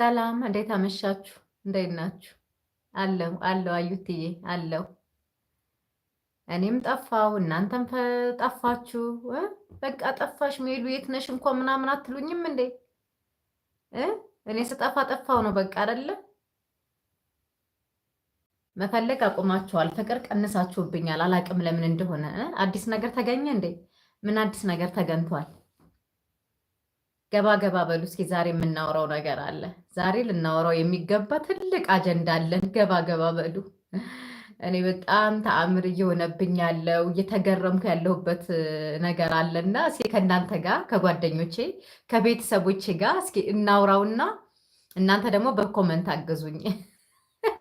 ሰላም፣ እንዴት አመሻችሁ? እንዴት ናችሁ? አለሁ አለሁ አዩትዬ አለሁ። እኔም ጠፋው እናንተም ጠፋችሁ። በቃ ጠፋሽ ሜሉ የት ነሽ እንኳን ምናምን አትሉኝም እንዴ? እኔ ስጠፋ ጠፋው ነው በቃ አይደለ? መፈለግ አቁማችኋል። ፍቅር ቀንሳችሁብኛል። አላቅም ለምን እንደሆነ። አዲስ ነገር ተገኘ እንዴ? ምን አዲስ ነገር ተገኝቷል? ገባ ገባ በሉ እስኪ ዛሬ የምናወራው ነገር አለ። ዛሬ ልናወራው የሚገባ ትልቅ አጀንዳ አለን። ገባ ገባ በሉ። እኔ በጣም ተአምር እየሆነብኝ ያለው እየተገረምኩ ያለሁበት ነገር አለና እስኪ ከእናንተ ጋር ከጓደኞቼ ከቤተሰቦቼ ጋር እስኪ እናውራውና እናንተ ደግሞ በኮመንት አግዙኝ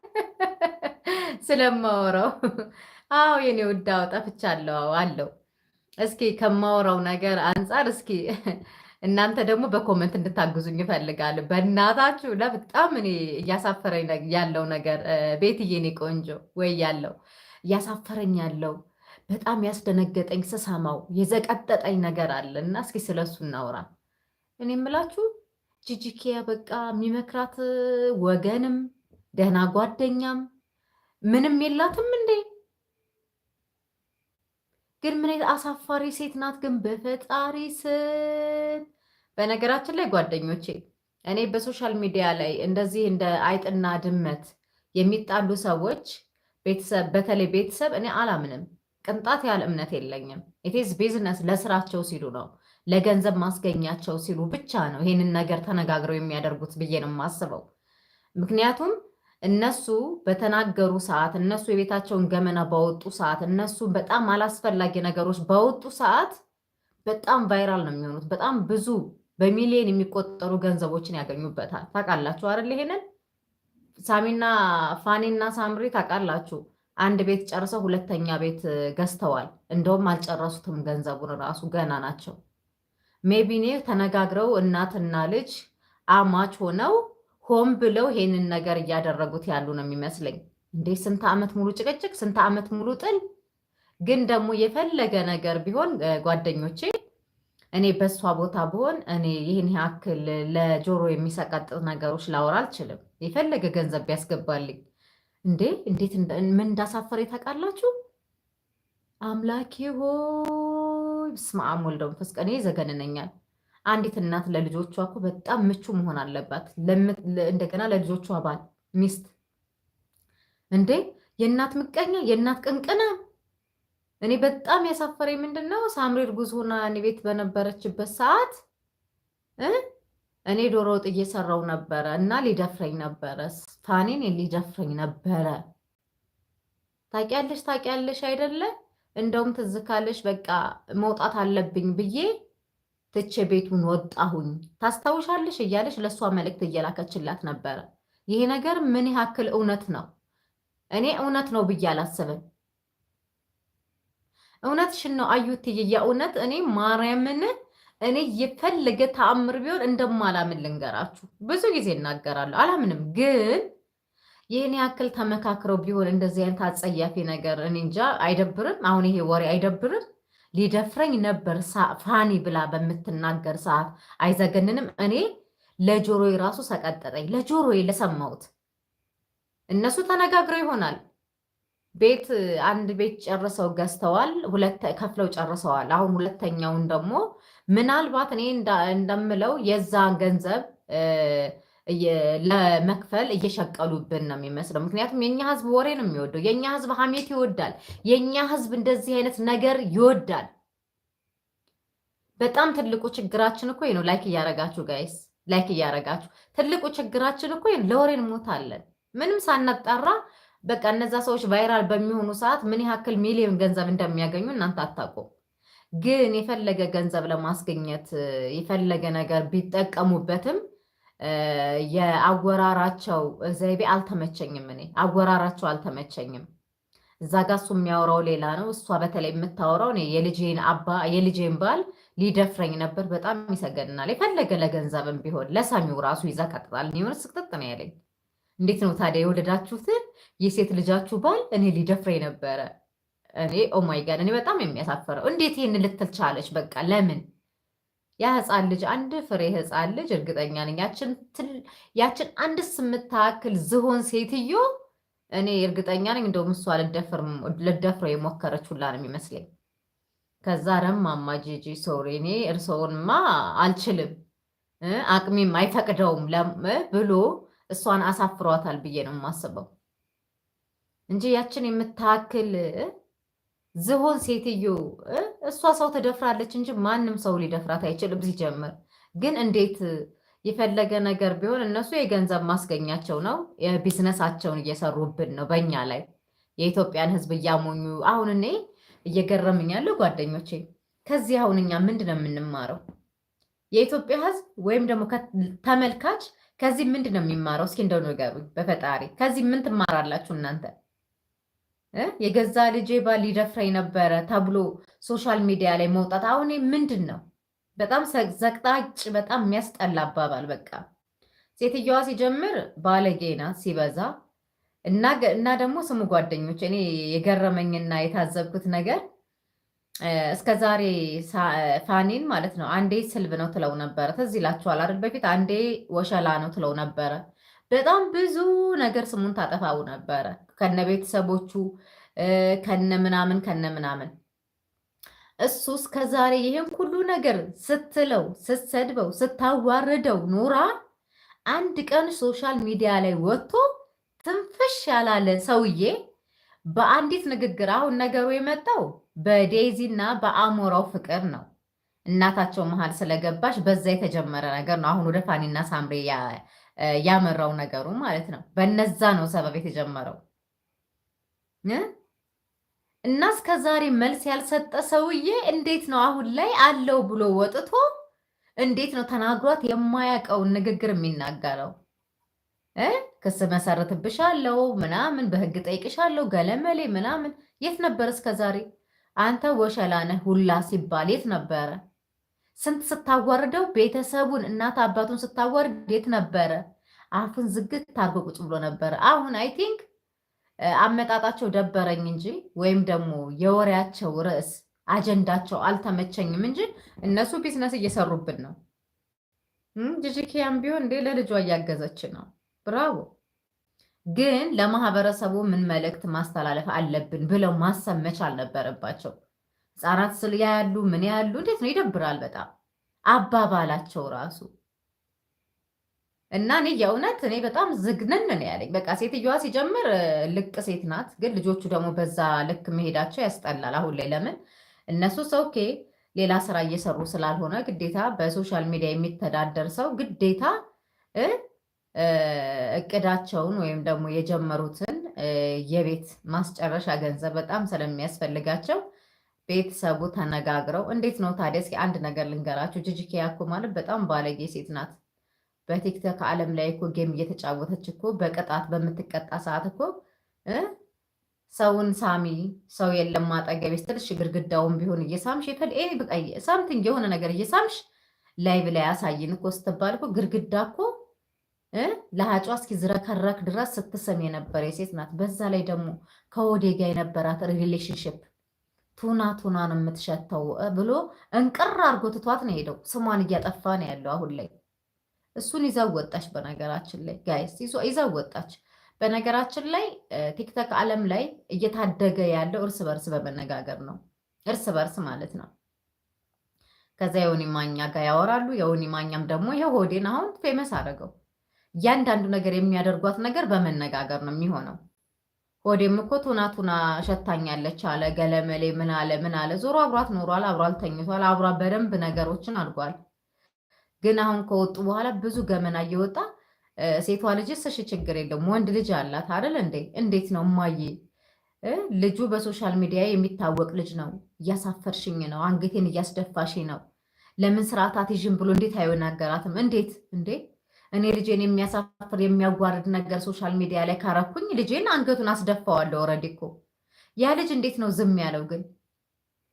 ስለማወራው። አዎ የኔ ውዳው ጠፍቻለሁ አለው። እስኪ ከማወራው ነገር አንጻር እስኪ እናንተ ደግሞ በኮመንት እንድታግዙኝ ይፈልጋሉ። በእናታችሁ ለበጣም እኔ እያሳፈረኝ ያለው ነገር ቤትዬ፣ እኔ ቆንጆ ወይ ያለው እያሳፈረኝ ያለው በጣም ያስደነገጠኝ ስሰማው የዘቀጠጠኝ ነገር አለ እና እስኪ ስለሱ እናውራ። እኔ የምላችሁ ጂጂኪያ በቃ የሚመክራት ወገንም ደህና ጓደኛም ምንም የላትም እንዴ? ግን ምን አሳፋሪ ሴት ናት ግን በፈጣሪ ስም። በነገራችን ላይ ጓደኞቼ እኔ በሶሻል ሚዲያ ላይ እንደዚህ እንደ አይጥና ድመት የሚጣሉ ሰዎች ቤተሰብ በተለይ ቤተሰብ እኔ አላምንም። ቅንጣት ያህል እምነት የለኝም። ኢትዝ ቢዝነስ ለስራቸው ሲሉ ነው ለገንዘብ ማስገኛቸው ሲሉ ብቻ ነው ይህንን ነገር ተነጋግረው የሚያደርጉት ብዬ ነው የማስበው። ምክንያቱም እነሱ በተናገሩ ሰዓት እነሱ የቤታቸውን ገመና ባወጡ ሰዓት እነሱ በጣም አላስፈላጊ ነገሮች ባወጡ ሰዓት በጣም ቫይራል ነው የሚሆኑት። በጣም ብዙ በሚሊዮን የሚቆጠሩ ገንዘቦችን ያገኙበታል። ታውቃላችሁ አይደል? ይሄንን ሳሚና ፋኒና ሳምሪ ታውቃላችሁ። አንድ ቤት ጨርሰው ሁለተኛ ቤት ገዝተዋል። እንደውም አልጨረሱትም ገንዘቡን ራሱ ገና ናቸው። ሜቢኔ ተነጋግረው እናትና ልጅ አማች ሆነው ሆን ብለው ይሄንን ነገር እያደረጉት ያሉ ነው የሚመስለኝ። እንዴ ስንት ዓመት ሙሉ ጭቅጭቅ፣ ስንት ዓመት ሙሉ ጥል። ግን ደግሞ የፈለገ ነገር ቢሆን ጓደኞቼ፣ እኔ በእሷ ቦታ ብሆን እኔ ይህን ያክል ለጆሮ የሚሰቀጥጥ ነገሮች ላወራ አልችልም። የፈለገ ገንዘብ ቢያስገባልኝ እንዴ እንዴት ምን እንዳሳፈረ ታውቃላችሁ? አምላኬ ሆይ ስመ አብ ወልድ ዘገንነኛል። አንዲት እናት ለልጆቿ እኮ በጣም ምቹ መሆን አለባት። እንደገና ለልጆቿ ባል ሚስት እንዴ የእናት ምቀኛ የእናት ቅንቅና። እኔ በጣም ያሳፈረኝ ምንድን ነው ሳምሪ እርጉዝ ሆና እኔ ቤት በነበረችበት ሰዓት እኔ ዶሮ ወጥ እየሰራው ነበረ እና ሊደፍረኝ ነበረ፣ ፋኔን ሊደፍረኝ ነበረ። ታውቂያለሽ ታውቂያለሽ አይደለ? እንደውም ትዝ ካለሽ በቃ መውጣት አለብኝ ብዬ ትቼ ቤቱን ወጣሁኝ ታስታውሻለሽ እያለች ለእሷ መልእክት እየላከችላት ነበረ። ይሄ ነገር ምን ያክል እውነት ነው? እኔ እውነት ነው ብዬ አላስብም። እውነትሽን ነው አዩትዬ፣ የእውነት እኔ ማርያምን እኔ የፈለገ ተአምር ቢሆን እንደማላምን ልንገራችሁ። ብዙ ጊዜ እናገራለሁ፣ አላምንም። ግን ይህን ያክል ተመካክረው ቢሆን እንደዚህ አይነት አጸያፊ ነገር እኔ እንጃ። አይደብርም? አሁን ይሄ ወሬ አይደብርም? ሊደፍረኝ ነበር ፋኒ ብላ በምትናገር ሰዓት አይዘገንንም? እኔ ለጆሮ ራሱ ሰቀጠጠኝ። ለጆሮ ለሰማሁት እነሱ ተነጋግረው ይሆናል። ቤት አንድ ቤት ጨርሰው ገዝተዋል፣ ከፍለው ጨርሰዋል። አሁን ሁለተኛውን ደግሞ ምናልባት እኔ እንደምለው የዛ ገንዘብ ለመክፈል እየሸቀሉብን ነው የሚመስለው። ምክንያቱም የኛ ህዝብ ወሬ ነው የሚወደው። የኛ ህዝብ ሀሜት ይወዳል። የኛ ህዝብ እንደዚህ አይነት ነገር ይወዳል። በጣም ትልቁ ችግራችን እኮ ነው። ላይክ እያረጋችሁ ጋይስ፣ ላይክ እያረጋችሁ ትልቁ ችግራችን እኮ ለወሬ እንሞታለን ምንም ሳናጣራ። በቃ እነዛ ሰዎች ቫይራል በሚሆኑ ሰዓት ምን ያክል ሚሊዮን ገንዘብ እንደሚያገኙ እናንተ አታውቁም። ግን የፈለገ ገንዘብ ለማስገኘት የፈለገ ነገር ቢጠቀሙበትም የአወራራቸው ዘይቤ አልተመቸኝም። እኔ አወራራቸው አልተመቸኝም። እዛ ጋ እሱ የሚያወራው ሌላ ነው። እሷ በተለይ የምታወራው እኔ የልጄን አባ የልጄን ባል ሊደፍረኝ ነበር። በጣም ይሰገድናል። የፈለገ ለገንዘብም ቢሆን ለሳሚው ራሱ ቀጥጣል። የሆነ ስቅጥጥ ነው ያለኝ። እንዴት ነው ታዲያ የወለዳችሁትን የሴት ልጃችሁ ባል እኔ ሊደፍረኝ ነበረ። እኔ ኦማይጋን እኔ በጣም የሚያሳፈረው እንዴት ይህን ልትል ቻለች? በቃ ለምን ያ ህፃን ልጅ አንድ ፍሬ ህፃን ልጅ እርግጠኛ ነኝ ያችን አንድስ የምታክል ዝሆን ሴትዮ እኔ እርግጠኛ ነኝ እንደውም እሷ ልደፍረው የሞከረች ሁላ ነው የሚመስለኝ። ከዛ ረማማ ጂጂ ሶሪ እኔ እርሰውንማ አልችልም አቅሚም አይፈቅደውም ብሎ እሷን አሳፍሯታል ብዬ ነው የማስበው እንጂ ያችን የምታክል ዝሆን ሴትዮ እሷ ሰው ትደፍራለች እንጂ ማንም ሰው ሊደፍራት አይችልም። ሲጀምር ግን እንዴት የፈለገ ነገር ቢሆን እነሱ የገንዘብ ማስገኛቸው ነው። የቢዝነሳቸውን እየሰሩብን ነው በእኛ ላይ የኢትዮጵያን ሕዝብ እያሞኙ አሁን እኔ እየገረምኝ ያለው ጓደኞቼ፣ ከዚህ አሁን እኛ ምንድን ነው የምንማረው? የኢትዮጵያ ሕዝብ ወይም ደግሞ ተመልካች ከዚህ ምንድን ነው የሚማረው? እስኪ እንደው ንገሩኝ በፈጣሪ ከዚህ ምን ትማራላችሁ እናንተ? የገዛ ልጄ ባል ሊደፍረኝ ነበረ ተብሎ ሶሻል ሚዲያ ላይ መውጣት አሁን ምንድን ነው? በጣም ዘቅጣጭ፣ በጣም የሚያስጠላ አባባል። በቃ ሴትየዋ ሲጀምር ባለጌ ናት ሲበዛ እና ደግሞ ስሙ ጓደኞች፣ እኔ የገረመኝና የታዘብኩት ነገር እስከ ዛሬ ፋኒን ማለት ነው አንዴ ስልብ ነው ትለው ነበረ። ትዝ ይላችኋል አይደል? በፊት አንዴ ወሸላ ነው ትለው ነበረ። በጣም ብዙ ነገር ስሙን ታጠፋው ነበረ ከነ ቤተሰቦቹ ከነ ምናምን ከነ ምናምን። እሱ እስከ ዛሬ ይህን ሁሉ ነገር ስትለው ስትሰድበው ስታዋርደው ኑራ አንድ ቀን ሶሻል ሚዲያ ላይ ወጥቶ ትንፍሽ ያላለ ሰውዬ በአንዲት ንግግር አሁን ነገሩ የመጣው በዴዚ እና በአሞራው ፍቅር ነው። እናታቸው መሀል ስለገባች በዛ የተጀመረ ነገር ነው። አሁን ወደ ፋኒና ሳምሬ ያመራው ነገሩ ማለት ነው። በነዛ ነው ሰበብ የተጀመረው እና እስከ ዛሬ መልስ ያልሰጠ ሰውዬ እንዴት ነው አሁን ላይ አለው ብሎ ወጥቶ እንዴት ነው ተናግሯት የማያውቀውን ንግግር የሚናገረው? ክስ መሰረትብሻለው ምናምን በህግ ጠይቅሻለው ገለመሌ ምናምን። የት ነበር እስከ ዛሬ አንተ ወሸላነህ ሁላ ሲባል የት ነበረ? ስንት ስታዋርደው ቤተሰቡን እናት አባቱን ስታዋርድ የት ነበረ? አፉን ዝግት ታርጎ ቁጭ ብሎ ነበረ። አሁን አይ ቲንክ አመጣጣቸው ደበረኝ እንጂ ወይም ደግሞ የወሬያቸው ርዕስ አጀንዳቸው አልተመቸኝም እንጂ እነሱ ቢዝነስ እየሰሩብን ነው። ጂጂኪያም ቢሆን እንዴ ለልጇ እያገዘች ነው። ብራቮ። ግን ለማህበረሰቡ ምን መልእክት ማስተላለፍ አለብን ብለው ማሰብ መቻል ነበረባቸው። ህጻናት ስል ያያሉ ምን ያሉ እንዴት ነው ይደብራል በጣም አባባላቸው ራሱ እና እኔ የእውነት እኔ በጣም ዝግንን ነው ያለኝ። በቃ ሴትዮዋ ሲጀምር ልቅ ሴት ናት፣ ግን ልጆቹ ደግሞ በዛ ልክ መሄዳቸው ያስጠላል። አሁን ላይ ለምን እነሱ ሰው ኬ ሌላ ስራ እየሰሩ ስላልሆነ ግዴታ በሶሻል ሚዲያ የሚተዳደር ሰው ግዴታ እቅዳቸውን ወይም ደግሞ የጀመሩትን የቤት ማስጨረሻ ገንዘብ በጣም ስለሚያስፈልጋቸው ቤተሰቡ ተነጋግረው እንዴት ነው ታዲያ? እስኪ አንድ ነገር ልንገራችሁ። ጂጂኪያ እኮ ማለት በጣም ባለጌ ሴት ናት። በቲክቶክ ዓለም ላይ እኮ ጌም እየተጫወተች እኮ በቅጣት በምትቀጣ ሰዓት እኮ ሰውን ሳሚ ሰው የለም ማጠገቤ ስትልሽ ግድግዳውን ቢሆን እየሳምሽ ይፈል ሳምቲንግ የሆነ ነገር እየሳምሽ ላይቭ ላይ አሳይን እኮ ስትባል እኮ ግድግዳ እኮ ለሀጯ እስኪ ዝረከረክ ድረስ ስትሰም የነበረ የሴት ናት። በዛ ላይ ደግሞ ከወዴጋ የነበራት ሪሌሽንሽፕ ቱና ቱና ነው የምትሸተው ብሎ እንቅር አድርጎ ትቷት ነው የሄደው። ስሟን እያጠፋ ነው ያለው አሁን ላይ። እሱን ይዛው ወጣች። በነገራችን ላይ ጋይስ ይዛው ወጣች። በነገራችን ላይ ቲክቶክ ዓለም ላይ እየታደገ ያለው እርስ በርስ በመነጋገር ነው። እርስ በርስ ማለት ነው። ከዛ የውኒ ማኛ ጋር ያወራሉ። የውኒ ማኛም ደግሞ ይሄ ሆዴን አሁን ፌመስ አደረገው። እያንዳንዱ ነገር የሚያደርጓት ነገር በመነጋገር ነው የሚሆነው። ወዴም እኮ ቱና ቱና ሸታኛለች አለ ገለመሌ። ምን አለ ምን አለ ዞሮ አብሯት ኖሯል፣ አብሯት ተኝቷል፣ አብሯት በደንብ ነገሮችን አድጓል። ግን አሁን ከወጡ በኋላ ብዙ ገመና እየወጣ ሴቷ ልጅ እሺ ችግር የለም ወንድ ልጅ አላት አይደል እንዴ? እንዴት ነው እማዬ፣ ልጁ በሶሻል ሚዲያ የሚታወቅ ልጅ ነው፣ እያሳፈርሽኝ ነው፣ አንገቴን እያስደፋሽ ነው፣ ለምን ስርዓታት ይዥን ብሎ እንዴት አይወናገራትም? እንዴት እንዴ እኔ ልጄን የሚያሳፍር የሚያጓርድ ነገር ሶሻል ሚዲያ ላይ ካረኩኝ ልጄን አንገቱን አስደፋዋለሁ። ኦልሬዲ እኮ ያ ልጅ እንዴት ነው ዝም ያለው? ግን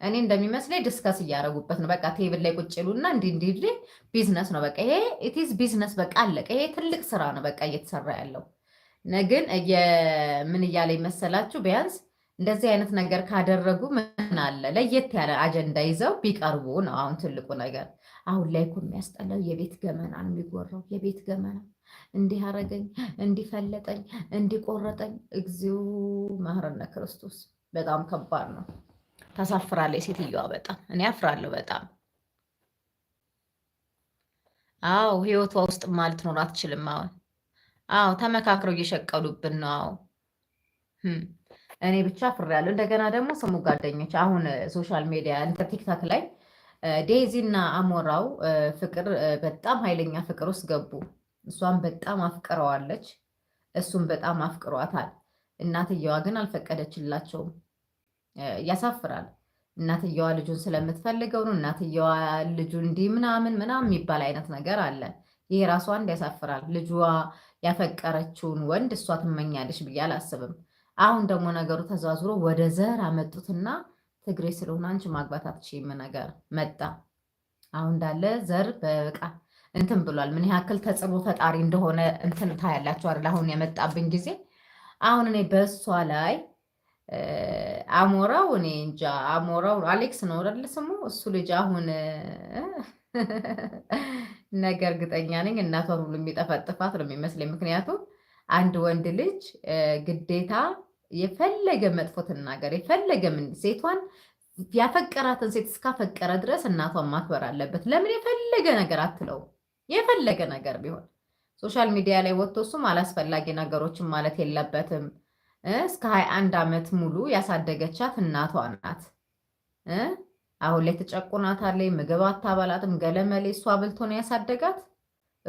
እኔ እንደሚመስለኝ ዲስከስ እያደረጉበት ነው። በቃ ቴብል ላይ ቁጭ ይሉና እንዲህ እንዲህ ቢዝነስ ነው በቃ ይሄ ኢትዝ ቢዝነስ በቃ አለቀ። ይሄ ትልቅ ስራ ነው በቃ እየተሰራ ያለው ግን ምን እያለ ይመሰላችሁ? ቢያንስ እንደዚህ አይነት ነገር ካደረጉ ምን አለ ለየት ያለ አጀንዳ ይዘው ቢቀርቡ ነው አሁን ትልቁ ነገር። አሁን ላይ እኮ የሚያስጠላው የቤት ገመና ነው የሚጎራው። የቤት ገመና እንዲህ አረገኝ፣ እንዲፈለጠኝ፣ እንዲቆረጠኝ። እግዚኦ መሐረነ ክርስቶስ በጣም ከባድ ነው። ታሳፍራለች ሴትዮዋ በጣም እኔ አፍራለሁ በጣም አዎ ህይወቷ ውስጥ ማለት ኖር አትችልም። አሁን አዎ ተመካክረው እየሸቀሉብን ነው። አዎ እኔ ብቻ ያለሁ እንደገና ደግሞ ስሙ ጓደኞች አሁን ሶሻል ሚዲያ እንትን ቲክታክ ላይ ዴይዚ እና አሞራው ፍቅር በጣም ኃይለኛ ፍቅር ውስጥ ገቡ። እሷን በጣም አፍቅረዋለች፣ እሱም በጣም አፍቅሯታል። እናትየዋ ግን አልፈቀደችላቸውም። ያሳፍራል። እናትየዋ ልጁን ስለምትፈልገው ነው። እናትየዋ ልጁ እንዲህ ምናምን ምናምን የሚባል አይነት ነገር አለ። ይሄ ራሱ አንድ ያሳፍራል። ልጇ ያፈቀረችውን ወንድ እሷ ትመኛለች ብዬ አላስብም። አሁን ደግሞ ነገሩ ተዛዝሮ ወደ ዘር አመጡትና ትግሬ ስለሆነ አንቺ ማግባት አትችይም ነገር መጣ። አሁን እንዳለ ዘር በቃ እንትን ብሏል። ምን ያክል ተጽዕኖ ፈጣሪ እንደሆነ እንትን ታያላችሁ አይደል? አሁን የመጣብኝ ጊዜ አሁን እኔ በእሷ ላይ አሞራው እኔ እንጃ አሞራው አሌክስ ነው አይደል ስሙ እሱ ልጅ አሁን ነገ እርግጠኛ ነኝ እናቷን ሁሉ የሚጠፈጥፋት ነው የሚመስለኝ። ምክንያቱም አንድ ወንድ ልጅ ግዴታ የፈለገ መጥፎ ትናገር የፈለገ ምን ሴቷን ያፈቀራትን ሴት እስካፈቀረ ድረስ እናቷን ማክበር አለበት። ለምን የፈለገ ነገር አትለው የፈለገ ነገር ቢሆን ሶሻል ሚዲያ ላይ ወጥቶ እሱም አላስፈላጊ ነገሮችን ማለት የለበትም። እስከ ሀያ አንድ ዓመት ሙሉ ያሳደገቻት እናቷ ናት። አሁን ላይ ተጨቁናታለች። ምግብ አታበላትም። ገለመሌ እሷ አብልቶ ነው ያሳደጋት።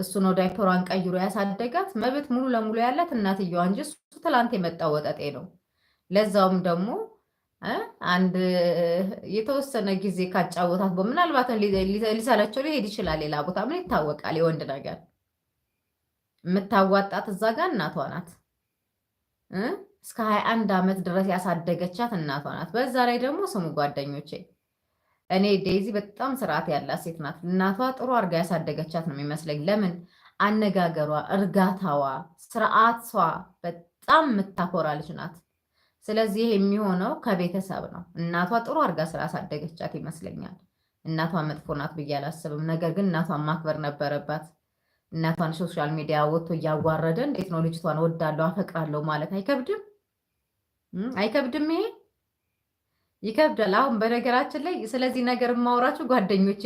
እሱ ነው ዳይፐሯን ቀይሮ ያሳደጋት። መብት ሙሉ ለሙሉ ያላት እናትየዋ እንጂ እሱ ትላንት የመጣ ወጠጤ ነው። ለዛውም ደግሞ አንድ የተወሰነ ጊዜ ካጫወታት ምናልባት ሊሰለቸው ሊሄድ ይችላል ሌላ ቦታ ምን ይታወቃል። የወንድ ነገር የምታዋጣት እዛ ጋር እናቷ ናት። እስከ ሀያ አንድ ዓመት ድረስ ያሳደገቻት እናቷ ናት። በዛ ላይ ደግሞ ስሙ ጓደኞቼ እኔ ዴይዚ በጣም ስርዓት ያላት ሴት ናት። እናቷ ጥሩ አድርጋ ያሳደገቻት ነው የሚመስለኝ። ለምን አነጋገሯ፣ እርጋታዋ፣ ስርዓቷ በጣም የምታኮራ ልጅ ናት። ስለዚህ የሚሆነው ከቤተሰብ ነው። እናቷ ጥሩ አድርጋ ስላሳደገቻት ይመስለኛል። እናቷ መጥፎ ናት ብዬ አላስብም። ነገር ግን እናቷን ማክበር ነበረባት። እናቷን ሶሻል ሚዲያ ወጥቶ እያዋረደ እንዴት ነው ልጅቷን ወዳለው አፈቅራለው ማለት አይከብድም? አይከብድም ይሄ ይከብዳል። አሁን በነገራችን ላይ ስለዚህ ነገር የማወራችሁ ጓደኞቼ፣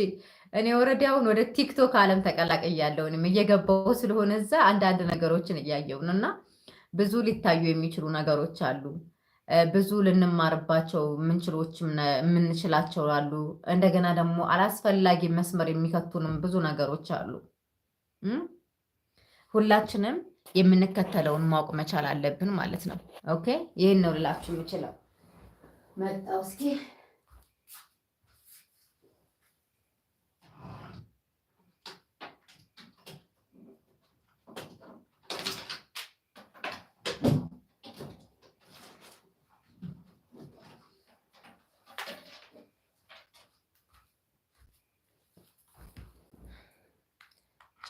እኔ ወረዲ አሁን ወደ ቲክቶክ አለም ተቀላቀያለሁ። እኔም እየገባሁ ስለሆነ እዛ አንዳንድ ነገሮችን እያየሁ ነው እና ብዙ ሊታዩ የሚችሉ ነገሮች አሉ። ብዙ ልንማርባቸው የምንችላቸው አሉ። እንደገና ደግሞ አላስፈላጊ መስመር የሚከቱንም ብዙ ነገሮች አሉ። ሁላችንም የምንከተለውን ማወቅ መቻል አለብን ማለት ነው። ኦኬ፣ ይህን ነው ልላችሁ የምችለው። መጣው እስኪ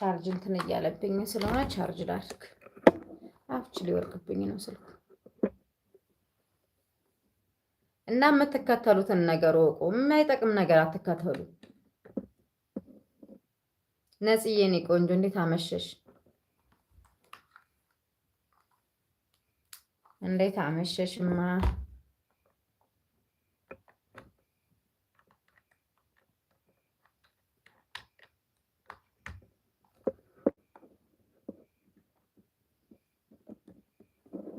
ቻርጅ እንትን እያለብኝ ስለሆነ ቻርጅ ላድርግ። አፍች ሊወርቅብኝ ነው ስልኩ። እና የምትከተሉትን ነገር ወቁ። የማይጠቅም ነገር አትከተሉ። ነጽዬ የኔ ቆንጆ እንዴት አመሸሽ? እንዴት አመሸሽማ?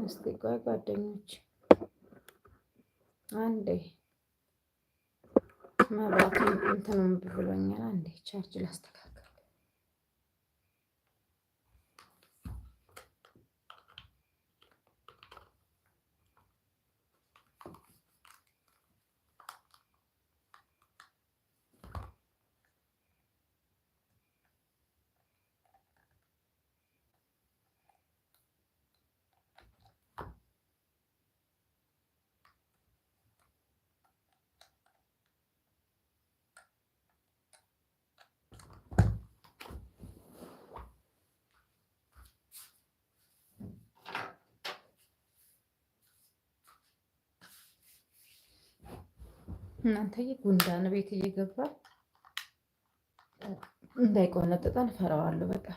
እስቲ ቆይ ጓደኞች አንዴ መብራቱን እንትኑን ብሎኛል። አንዴ ቻርጅ ላስተካክል። እናንተዬ ጉንዳን ቤት እየገባ እንዳይቆነጥጠን ፈረዋለሁ። በቃ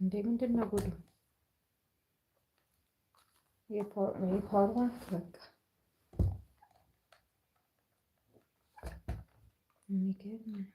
እንዴ! ምንድን ነው ጉዱ? የፓወር ባንክ በቃ የሚገርም ነው።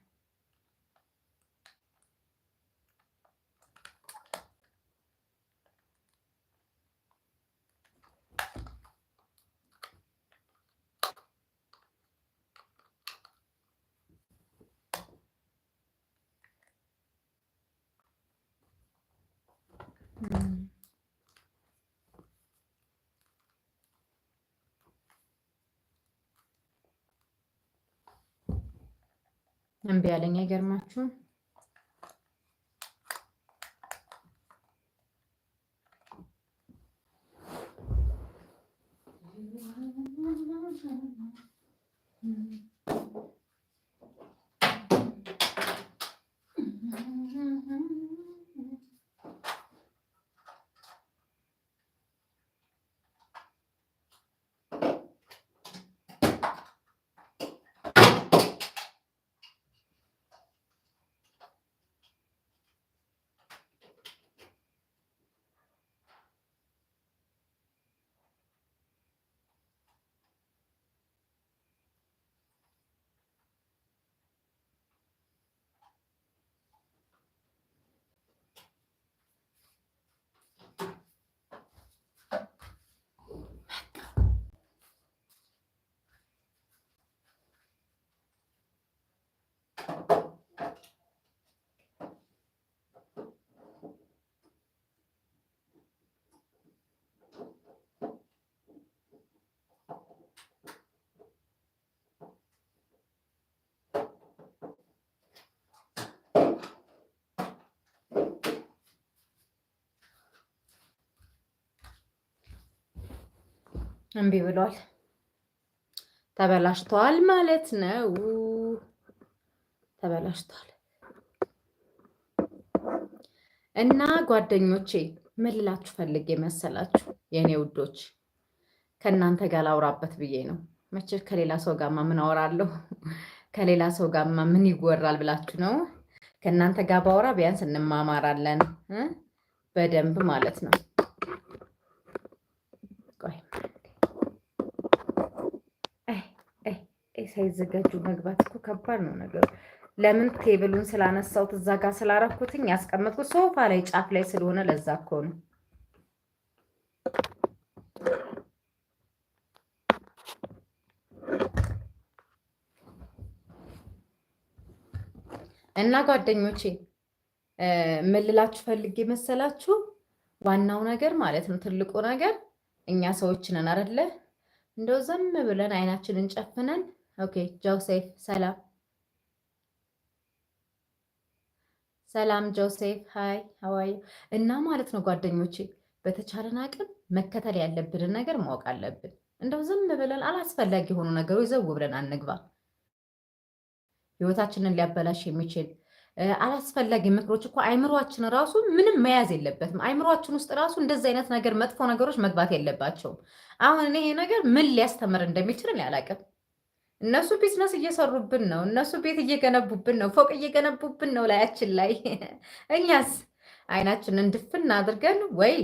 እምቢ አለኝ። አይገርማችሁም? እምቢ ብሏል። ተበላሽተዋል ማለት ነው። ተበላሽተዋል እና ጓደኞቼ ምን ልላችሁ ፈልጌ መሰላችሁ? የእኔ ውዶች ከእናንተ ጋር ላውራበት ብዬ ነው። መቼ ከሌላ ሰው ጋማ ምን አወራለሁ? ከሌላ ሰው ጋማ ምን ይወራል ብላችሁ ነው። ከእናንተ ጋር ባውራ ቢያንስ እንማማራለን በደንብ ማለት ነው። ሳይዘጋጁ መግባት እኮ ከባድ ነው ነገሩ። ለምን ቴብሉን ስላነሳሁት እዛ ጋር ስላረኩትኝ ያስቀመጥኩት ሶፋ ላይ ጫፍ ላይ ስለሆነ ለዛ እኮ ነው። እና ጓደኞቼ ምልላችሁ ፈልጌ መሰላችሁ፣ ዋናው ነገር ማለት ነው ትልቁ ነገር እኛ ሰዎች ነን አይደለ? እንደው ዘም ብለን አይናችንን ጨፍነን ኦኬ ጆሴፍ ሰላም ሰላም ጆሴፍ ሃይ ሀዋዩ እና ማለት ነው ጓደኞቼ፣ በተቻለን አቅም መከተል ያለብንን ነገር ማወቅ አለብን። እንደው ዝም ብለን አላስፈላጊ የሆኑ ነገሮች ዘው ብለን አንግባ። ህይወታችንን ሊያበላሽ የሚችል አላስፈላጊ ምክሮች እኮ አይምሯችን ራሱ ምንም መያዝ የለበትም። አይምሯችን ውስጥ ራሱ እንደዚህ አይነት ነገር መጥፎ ነገሮች መግባት የለባቸውም። አሁን እኔ ይሄ ነገር ምን ሊያስተምር እንደሚችል እኔ እነሱ ቢዝነስ እየሰሩብን ነው። እነሱ ቤት እየገነቡብን ነው። ፎቅ እየገነቡብን ነው ላያችን ላይ። እኛስ አይናችንን ድፍን አድርገን ወይ